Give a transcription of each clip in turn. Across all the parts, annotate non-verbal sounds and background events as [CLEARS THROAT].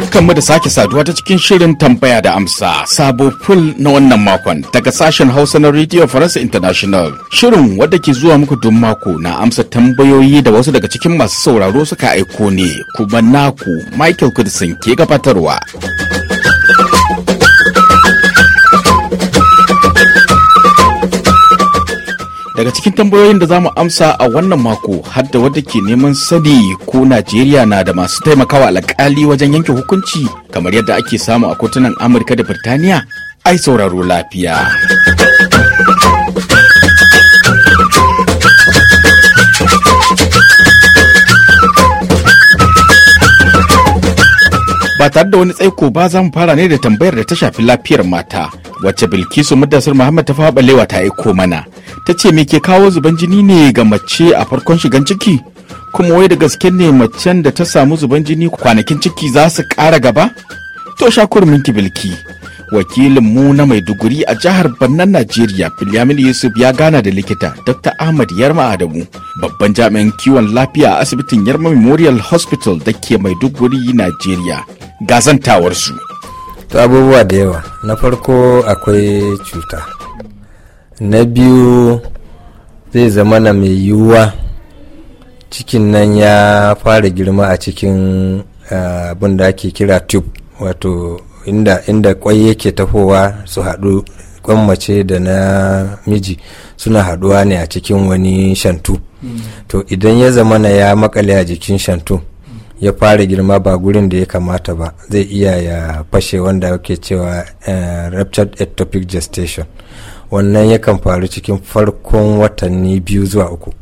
barkanmu da sake saduwa ta cikin shirin tambaya da amsa sabo ful na wannan makon daga sashen hausa na radio faransa international shirin wadda ke zuwa muku duk mako na amsa tambayoyi da wasu daga cikin masu sauraro suka aiko ne kuma naku michael kudisin ke gabatarwa. daga cikin tambayoyin da za mu amsa a wannan mako hadda wadda ke neman sani ko najeriya na da masu taimakawa alkali wajen yanke hukunci kamar yadda ake samu a kotunan amurka da birtaniya ai sauraro lafiya ba tare da wani tsaiko ba za mu fara ne da tambayar da ta shafi lafiyar mata wacce bilkisu muddasir muhammad ta faɓalewa ta aiko mana ta ce me ke kawo zuban jini ne ga mace a farkon shigan ciki kuma wai da gaske ne macen da ta samu zuban jini kwanakin ciki za su kara gaba to shakur minki bilki wakilin mu na maiduguri a jihar bannan najeriya bilyamin yusuf ya gana da likita dr ahmad yarma adamu babban jami'in kiwon lafiya a asibitin yarma memorial hospital da ke maiduguri najeriya gazantawarsu ta abubuwa da yawa na farko akwai cuta na biyu zai zama na mai yiwuwa cikin nan ya fara girma a cikin abin da ake kira tube wato inda, inda kwai yake tafowa su haɗu kwan mace da na miji suna haɗuwa ne a cikin wani shantu to idan ya zama na ya makale a jikin shantu ya fara girma ba gurin da ya kamata ba zai iya ya fashe wanda ake cewa uh, ruptured ectopic gestation wannan yakan faru cikin farkon watanni biyu zuwa uku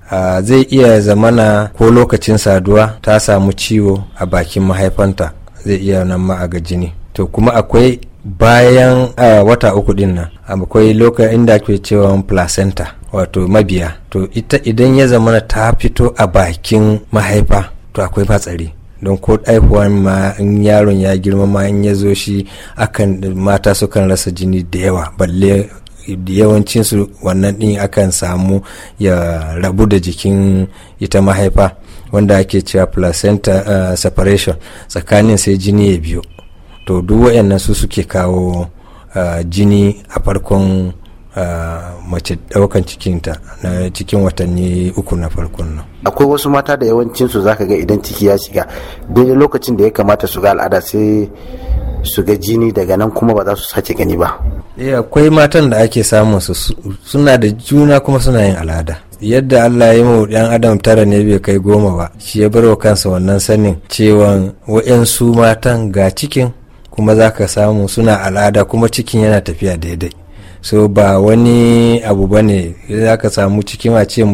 zai iya zamana ko lokacin saduwa ta samu ciwo a bakin mahaifanta zai iya nan ma ga jini to kuma akwai bayan uh, wata uku din nan akwai lokacin inda ake cewa placenta wato mabiya to ita idan ya zamana ta fito a bakin mahaifa to akwai matsari don ko aihuwa ma in yaron ya girma ma in ya zo shi akan mata sukan rasa jini da yawa balle yawancinsu wannan din akan samu ya rabu da jikin ita mahaifa wanda ake cewa placenta uh, separation tsakanin sai jini ya biyo to duk waɗannan su suke kawo uh, jini a farkon uh, mace ɗaukan cikinta na cikin watanni uku na farkon nan akwai wasu mata da yawancinsu zaka ga idan ciki ya shiga daidai lokacin da ya kamata su ga al'ada sai su ga jini daga nan kuma ba za su sace gani ba eh, akwai matan da ake samun su suna da juna kuma suna yin al'ada yadda Allah ya yi mu ɗan adam tara ne bai kai goma ba shi ya barwa kansa wannan sanin cewa wa'yansu matan ga cikin kuma za ka samu suna al'ada kuma cikin yana tafiya daidai so ba wani abu ba ne za ka samu cikin a ce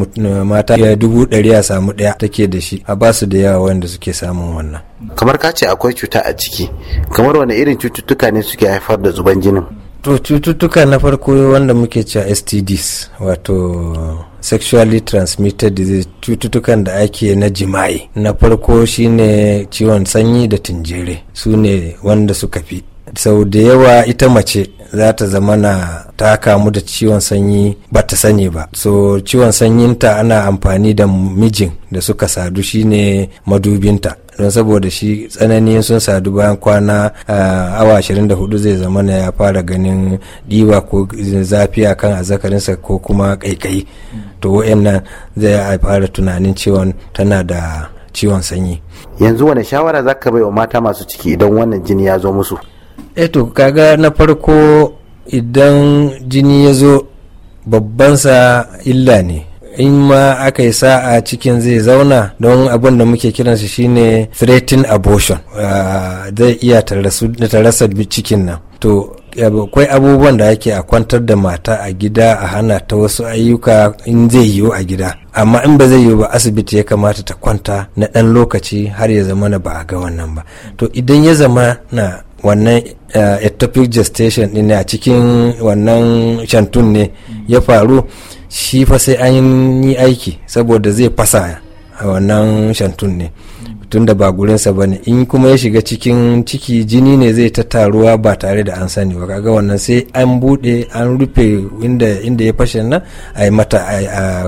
mata ya dubu ɗari a samu ɗaya take da shi a basu da yawa wanda suke samun wannan kamar ka ce akwai cuta a ciki kamar wani irin cututtuka ne suke haifar da zuban jinin to cututtuka na farko wanda muke cewa stds wato sexually transmitted disease cututtukan da ake na jima'i na farko shine ciwon sanyi da tinjere su ne wanda suka fi sau da yawa ita mace za ta zama na ta kamu da ciwon sanyi ba ta sani ba so ciwon sanyinta ana amfani da mijin da suka sadu shine madubinta don saboda shi tsanani sun sadu bayan kwana awa 24 zai zama na ya fara ganin diba ko zafi a kan azakarinsa ko kuma kaikai to wa'annan zai fara tunanin ciwon tana da ciwon sanyi yanzu wani shawara za ka bai wa mata masu ciki idan wannan jini ya zo musu eto eh kaga na farko idan jini ya zo babbansa illa ne in ma aka yi sa'a cikin zai zauna don abin da muke kiransa shine threatening abortion ah, zai iya tarasa cikin nan to akwai abubuwan da ake a kwantar da mata a gida a hana ta wasu ayyuka in zai yiwu a gida amma in ba zai yiwu ba asibiti ya kamata ta kwanta na ɗan lokaci har ya zama na ba a ga wannan ba to idan ya zama na wannan ah, ectopic gestation ne a cikin wannan shantun ne ya faru shi fa sai an yi aiki saboda zai fasa a wannan shantun ne tunda ba gurinsa ba ne in kuma ya shiga cikin ciki jini ne zai ta taruwa ba tare da an sani ba kaga wannan sai an bude an rufe inda ya fashe nan a yi mata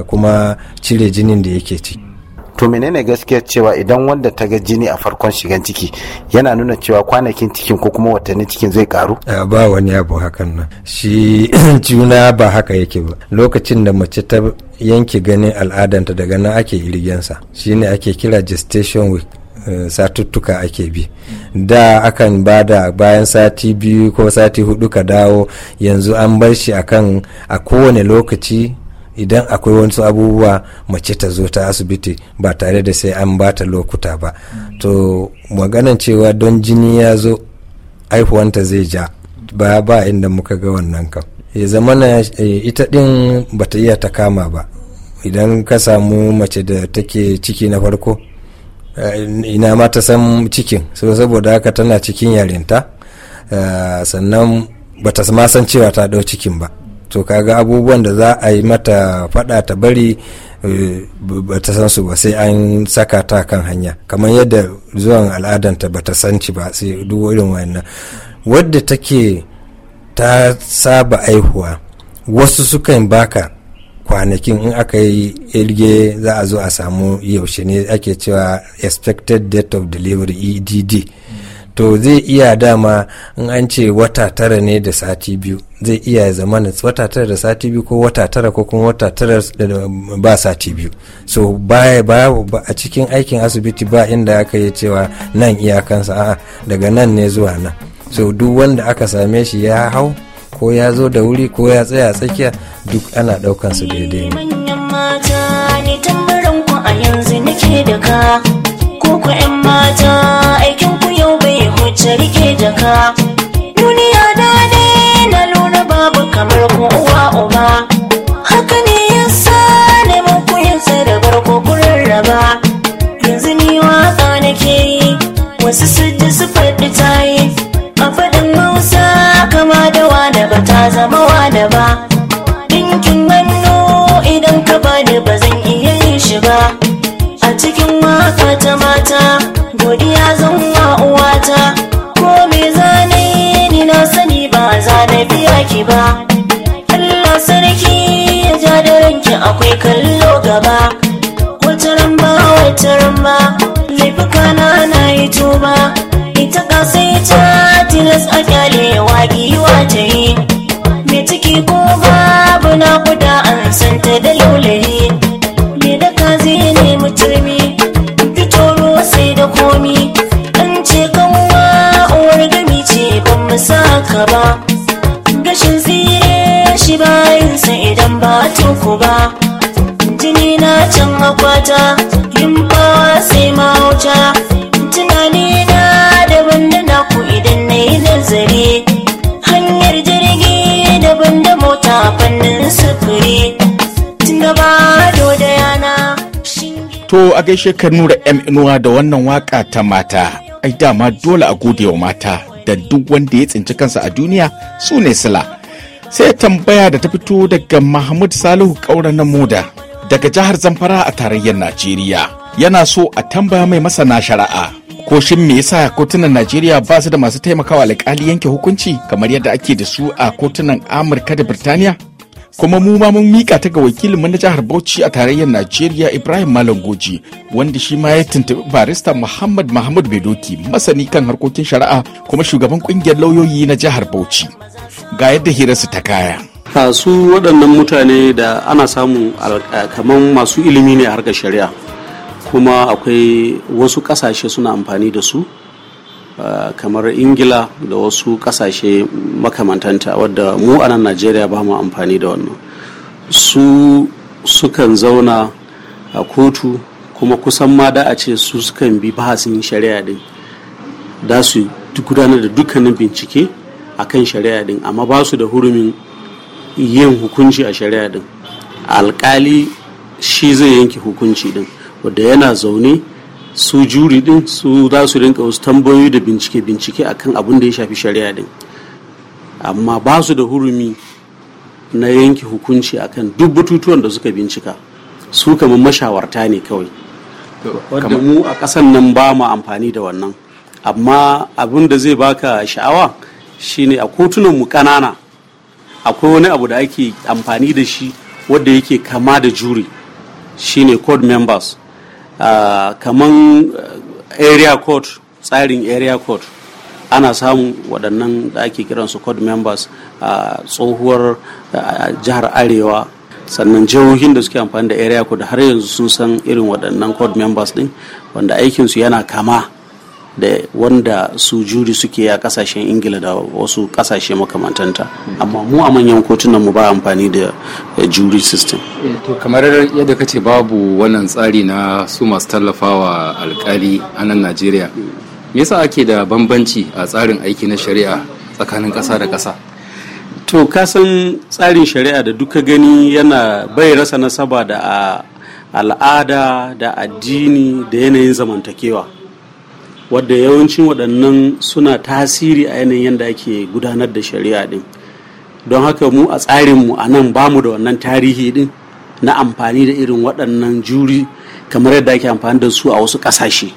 kuma cire jinin da yake ciki to menene gaskiya cewa idan wanda ta ga jini a farkon shigan ciki yana nuna cewa kwanakin cikin ko kuma watannin cikin zai karu ba wani abu hakan nan shi [CLEARS THROAT] juna ba haka yake ba lokacin da mace ta yanke ganin al'adanta daga nan ake irgensa shine ake kira gestation week eh, satuttuka ake bi da akan bada bayan sati biyu ko sati hudu ka dawo yanzu an bar shi akan a kowane lokaci idan akwai wasu abubuwa mace ta zo ta asibiti ba tare da sai an ba ta lokuta ba to maganan cewa don jini ya zo haihuwanta zai ja ba ba inda muka ga wannan kan. ya zama na eh, ita din ta iya ta kama ba idan ka samu mace da take ciki na farko eh, ina ma ta san cikin so saboda haka tana cikin yarinta eh, sannan ba ta ma san cewa ta ɗau cikin ba to kaga abubuwan da za a yi mata fada ta bari eh, ba ta san su ba sai an saka ta kan hanya kamar yadda zuwan al'adanta ba ta san ci ba sai duk irin wayannan wadda take ta saba aihuwa wasu sukan baka kwanakin in aka yi ilge za a zo a samu yaushe ne ake cewa expected date of delivery edd to zai iya dama in an ce wata tara ne da sati biyu zai iya zama na wata tara da sati biyu ko wata tara ko kuma wata tara da ba sati biyu so ba a cikin aikin asibiti ba inda aka yi cewa nan iyakansa a'a daga nan ne zuwa nan so duk wanda aka same shi ya hau ko ya zo da wuri ko ya tsaya tsakiya duk ana ɗaukansu daidai ne ka duniya da na lura babu kamar ku uwa uba haka ne yasa neman ku yin sadabar ku raba yanzu ni waka nake yi wasu sujji su faɗi tayi a faɗin mausa, kama da wada ba ta zama wada ba ɗinkin hannu idan ka bani ba zan iya yin shi ba a cikin waka ta mata ba sarki ya ja da ranki akwai kallo gaba Wata ramba, wata ramba, laifuka na na yi tuba ita ka sai ta tilas a kyale wa ta yi akwatin ku ba jini na can akwata limfawa sai wuta tunani na daban da naku idan na yi nazari hanyar jirgi daban da mota fannin sufuri tun da ba da yana to a gaishe ka nura m inuwa da wannan waka ta mata ai dama dole a gode wa mata da duk wanda ya tsinci kansa a duniya su ne sila sai tambaya da ta fito daga mahmud salihu kaura na moda daga jihar zamfara a tarayyar najeriya yana so a tambaya mai masana shari'a ko shin me yasa kotunan najeriya ba su da masu taimakawa alƙali yanke hukunci kamar yadda ake da su a kotunan amurka da birtaniya kuma mu ma mun mika ta ga wakilin mu na jihar Bauchi a tarayyar Najeriya Ibrahim Malam Goji wanda shi ma ya tuntubi barista Muhammad Mahmud Bedoki masani kan harkokin shari'a kuma shugaban kungiyar lauyoyi na jihar Bauchi ga yadda hirarsu ta kaya su waɗannan mutane da ana samu kamar masu ilimi ne a harkar shari'a kuma akwai wasu ƙasashe suna amfani da su Ah, kamar ingila da wasu kasashe makamantanta wadda mu a nan najeriya ba mu amfani da wannan su sukan zauna a kotu kuma kusan ma da a ce su sukan bi bahasin shari'a din da su gudanar da dukkanin bincike a kan shari'a din amma ba su da hurumin yin hukunci a shari'a din alkali shi zai yanke hukunci din wadda yana zaune su juri din su za su rinka wasu tambayoyi da bincike bincike a kan abin da ya shafi shari'a din amma ba su da hurumi na yanke hukunci a kan duk batutuwan da suka bincika su kamar mashawarta ne kawai wadda mu a ƙasan nan ba mu amfani da wannan amma abin da zai baka sha'awa shine a kotunan mu ƙanana akwai wani abu da ake amfani da shi wadda yake kama da juri shine code members Ah, kaman eh, area code tsarin area code ana samun waɗannan da ake kiransu code members a tsohuwar jihar arewa sannan jihohin da suke amfani da area code har yanzu sun san irin waɗannan code members ɗin wanda aikinsu yana kama da wanda su juri suke a kasashen ingila da wasu kasashe makamantanta amma mu a manyan kotunan mu ba amfani da eh, juri system eh, to kamar yadda kace babu wannan tsari na su masu tallafawa alkali a nan najeriya me yasa ake da bambanci a tsarin aiki na shari'a tsakanin ƙasa da ƙasa to kasan tsarin shari'a da duka gani yana bai rasa nasaba da ah, al'ada da addini da yanayin zamantakewa wadda yawancin waɗannan suna tasiri a yanayin yadda ake gudanar da shari'a ɗin don haka mu a tsarinmu a nan ba mu da wannan tarihi ɗin na amfani da irin waɗannan juri kamar yadda ake amfani da su a wasu ƙasashe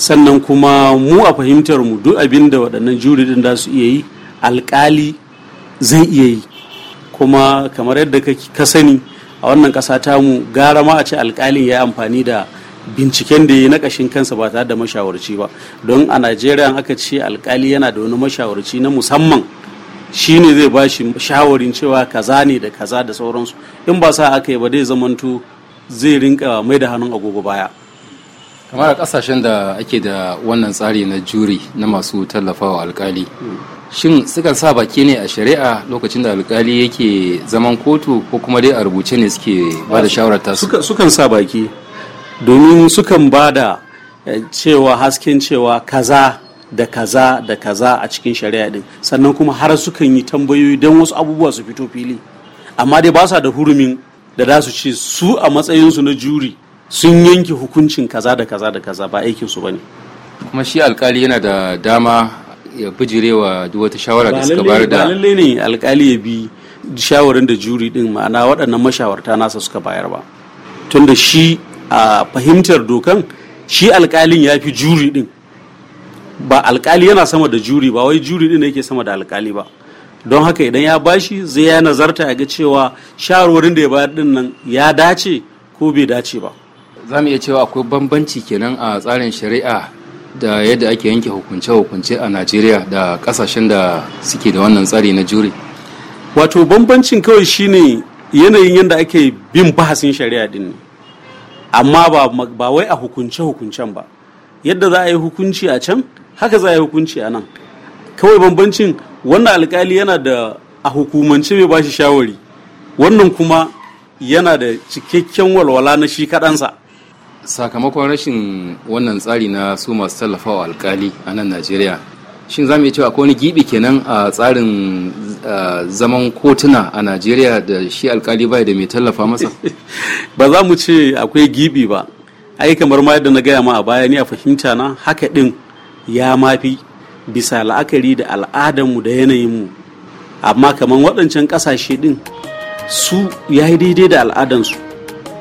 sannan kuma mu a fahimtar mu duk abin da waɗannan juri ɗin za su iya yi alƙali zai iya yi kuma kamar yadda ka sani a wannan ƙasa mu gara ma a ce alƙalin ya yi amfani da binciken da ya na kashin kansa ba tare da mashawarci ba don a najeriya aka ce alkali yana da wani mashawarci na musamman shi ne zai ba shi shawarin cewa kaza ne da kaza da sauransu in ba sa aka yi ba zai zamantu zai rinka mai da hannun agogo baya kamar a kasashen da ake da wannan tsari na juri na masu tallafawa alkali shin sukan sa baki ne a shari'a lokacin da alkali yake zaman kotu ko kuma dai a rubuce ne suke ba da shawarar tasu sukan sa baki domin sukan ba da eh, cewa hasken cewa kaza da kaza da kaza a cikin shari'a din sannan kuma har sukan yi tambayoyi don wasu abubuwa su fito fili amma dai ba sa da hurumin da za su ce su a matsayinsu na juri sun yanke hukuncin kaza da kaza da kaza ba aikinsu ba ne kuma shi alkali yana da dama ya bijirewa duk wata shawara da suka bayar da ba lalle ne alkali ya bi shawarin da juri din ma'ana waɗannan mashawarta nasa suka bayar ba tunda shi a fahimtar dokan shi alkalin ya fi juri din ba alkali yana sama da juri ba wai juri din yake sama da alkali ba don haka idan ya bashi zai ya nazarta ya ga cewa shawarwarin da ya bayar din nan ya dace ko bai dace ba za mu iya cewa akwai bambanci kenan a tsarin shari'a da yadda ake yanke hukunce-hukunce a najeriya da kasashen da suke da wannan tsari na juri wato bambancin kawai shine yanayin yadda ake bin bahasin shari'a din ne amma ba wai a hukunce hukuncen ba yadda za a yi hukunci a can haka za a yi hukunci a nan kawai bambancin wannan alkali yana da a hukumance mai bashi shawari wannan kuma yana da cikakken walwala na shi kaɗansa sakamakon rashin wannan tsari na su masu tallafawa alkali a nan najeriya shin za mu iya cewa akwai wani gibi kenan a tsarin zaman kotuna a najeriya da shi alkali bai da mai tallafa masa [LAUGHS] ba za mu ce akwai gibi ba ai kamar ma yadda na gaya ma a baya ni a fahimta na haka din ya mafi bisa la'akari da al'adarmu da yanayinmu amma kamar waɗancan ƙasashe din su ya yi daidai da al'adansu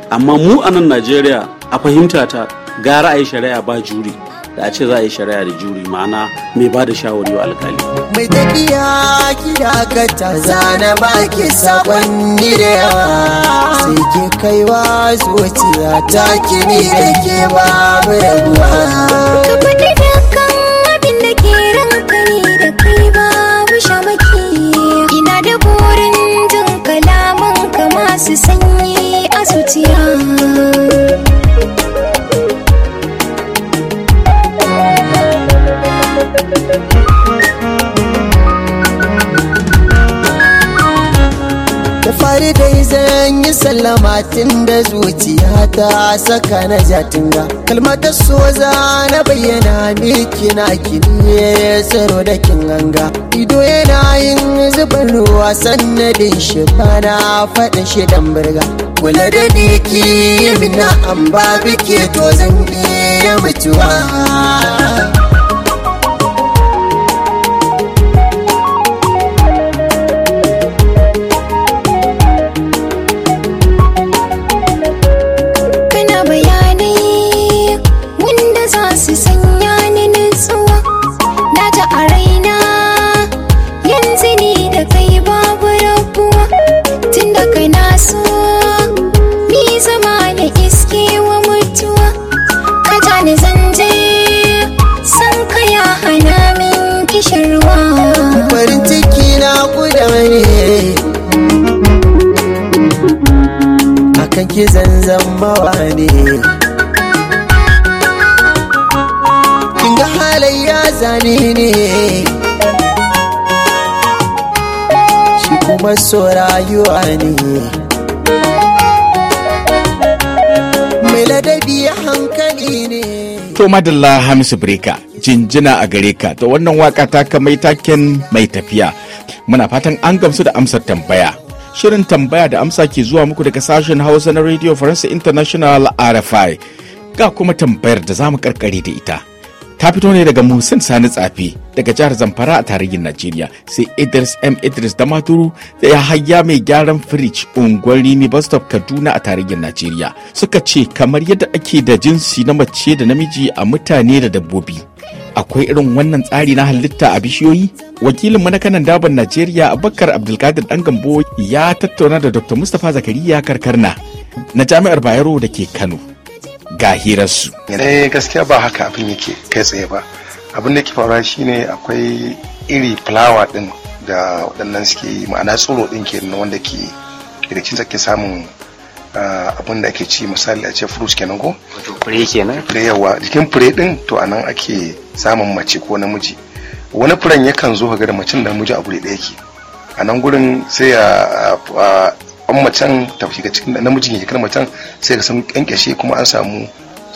amma mu a nan najeriya a fahimta ta gara a yi shari'a ba juri da a ce za a yi shari'a da juri ma'ana mai ba da shawari wa alkali. mai tafiya kira ka ta zana ba sakonni sabon yawa sai ke kaiwa zuwa ta ne da ke babu rabuwa. har dai zan yi sallama tun da zuciya ta saka na jatinga kalmatar so za na bayyana miki na kiniye tsaro da kinganga ido yana yin zuban ruwa sannadin shi na faɗin shi dan birga kula da diki mina an ba biki to zan iya mutuwa zanzan zambawa ne ga halayya zane ne shi kuma so rayuwa ne mai ladabi hankali ne. To madalla Hamisu Breka jinjina a gare ka to wannan waka ta kamai taken mai tafiya. Muna fatan an gamsu da amsar tambaya Shirin tambaya da amsa ke zuwa muku daga sashen Hausa na Radio Faransa International RFI. Ga kuma tambayar da zamu karkare da ita. Ta fito ne daga Musin Sani Tsafi daga jihar Zamfara a tarihin Najeriya sai Idris M Idris da Maturu da ya hayya mai gyaran firij unguwar Rimi Bus Kaduna a tarihin Najeriya suka ce kamar yadda ake da jinsi na mace da namiji a mutane da dabbobi. akwai irin wannan tsari na halitta a bishiyoyi wakilin Manakanan daban najeriya abubakar abdulkadir dan gambo ya tattauna da dr mustapha zakariya karkarna na jami'ar bayero da ke kano ga hirarsu eh gaskiya ba haka abin yake kai tsaye ba abin da ke faruwa shine akwai iri fulawa din da waɗannan suke ma'ana tsoro din kenan wanda ke da ke samun abin da ake ci misali a ce fruit kenan ko wato fure kenan fure yawa jikin fure din to anan ake samun mace ko namiji wani furen yakan zo ga da macen da namiji a guri ɗaya ke a nan gurin sai a an macen ta shiga cikin namijin yake kira macen sai ga sun kankashe kuma an samu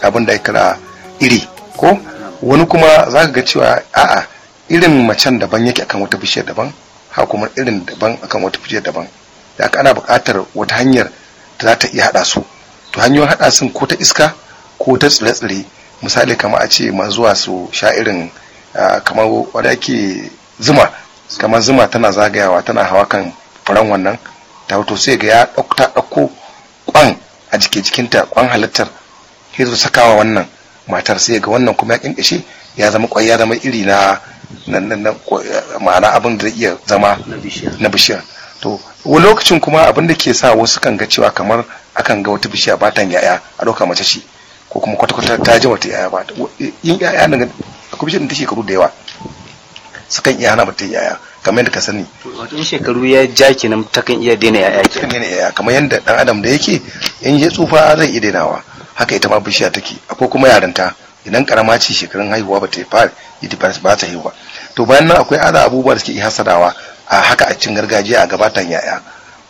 abin da ya kira iri ko wani kuma za ka ga cewa a'a irin macen daban yake akan wata bishiyar daban ha kuma irin daban akan wata bishiyar daban da aka ana buƙatar wata hanyar da za ta iya hada su to hanyoyin hada sun ko ta iska ko ta tsire-tsire misali kama a ce ma zuwa su sha irin kamar wadda ake zuma kamar zuma tana zagayawa tana hawa kan furen wannan ta wato sai ga ya ta ɗauko kwan a jike jikinta kwan halittar sai su sakawa wannan matar sai ga wannan kuma ya kinkashe ya zama kwai ya zama iri na ma'ana abin da iya zama na bishiyar to lokacin kuma abin da ke sa wasu kan ga cewa kamar akan ga wata bishiya ba ta yaya a ɗauka mace ce ko kuma kwata-kwata ta ji wata yaya ba yin yaya ga akwai bishiyar da ta shekaru da yawa sukan iya hana mutum yaya kamar yadda ka sani wato shekaru ya ja kenan ta kan iya daina yaya ta kan daina yaya kamar yadda dan adam da yake in ya tsufa zai iya dainawa haka ita ma bishiya take akwai kuma yarinta idan karama ce shekarun haihuwa ba ta yi fara ba ta haihuwa to bayan nan akwai ada abubuwa da suke iya hasadawa a haka a cin gargajiya a gabatan yaya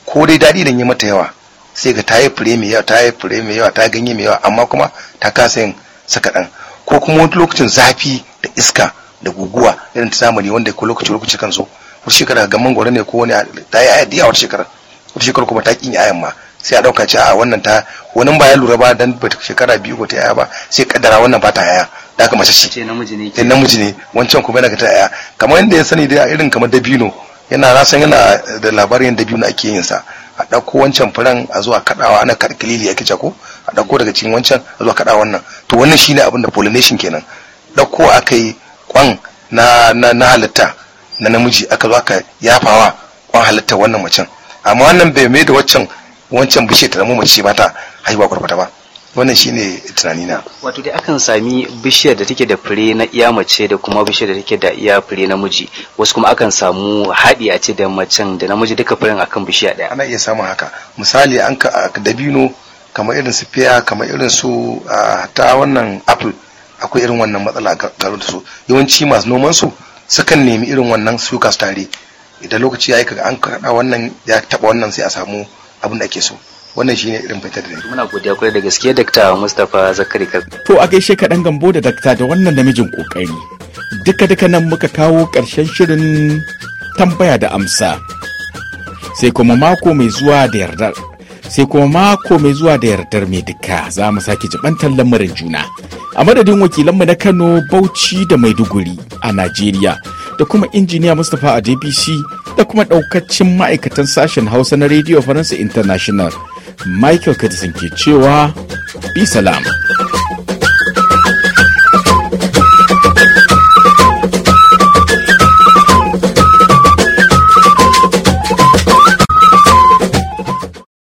ko dai daɗi nan yi mata yawa sai ga ta yi fure mai yawa ta yi fure mai yawa ta ganye mai yawa amma kuma ta kasa yin saka ɗan ko kuma wani lokacin zafi da iska da guguwa irin ta zamani wanda ko lokaci lokaci kan so wata shekara ga mangwaro ne ko wani ta yi aya diya wata shekara wata shekara kuma ta ƙin yayan ma sai a dauka ce a wannan ta wani ba ya lura ba dan ba shekara biyu ko ta yaya ba sai kaddara wannan ba ta yaya da aka mace shi namiji ne eh, namiji ne wancan kuma yana ga ta yaya kamar yadda ya sani dai a irin kamar dabino yana na san yana da labarin da biyu na ake yin sa a ɗauko wancan furen a zuwa kaɗawa ana kalili ya kice ko a ɗauko daga cikin wancan a zuwa kaɗa wannan to wannan shine abin da pollination kenan ɗauko aka yi kwan na na halitta na namiji aka zo aka yafawa kwan halitta wannan macen amma wannan bai mai da waccan wancan bishiyar ta zama mace mata haihuwa kwarkwata ba wannan shine tunani na wato dai akan sami bishiyar da take da fure na iya mace da kuma bishiyar da take da iya fure namiji wasu kuma akan samu haɗi a ce da macen da namiji duka furen akan bishiya ɗaya ana iya samun haka misali an ka dabino kamar irin su fiya kamar irin su ta wannan apple akwai irin wannan matsala garo da su yawanci masu noman su sukan nemi irin wannan suka su tare idan lokaci ya yi ka an kaɗa wannan ya taɓa wannan sai a samu abin da ake so wannan shine irin fitar da muna godiya kwarai da gaske dakta mustapha zakari to a gaishe kaɗan gambo da dakta da wannan namijin kokari duka duka nan muka kawo ƙarshen shirin tambaya da amsa sai kuma mako mai zuwa da yardar sai kuma mako mai zuwa da yardar mai duka za mu sake jibantar lamarin juna a madadin wakilanmu na kano bauchi da maiduguri a najeriya da kuma injiniya mustapha a dbc da kuma daukacin ma'aikatan sashen hausa na radio faransa international michael kudisin ke cewa bi salama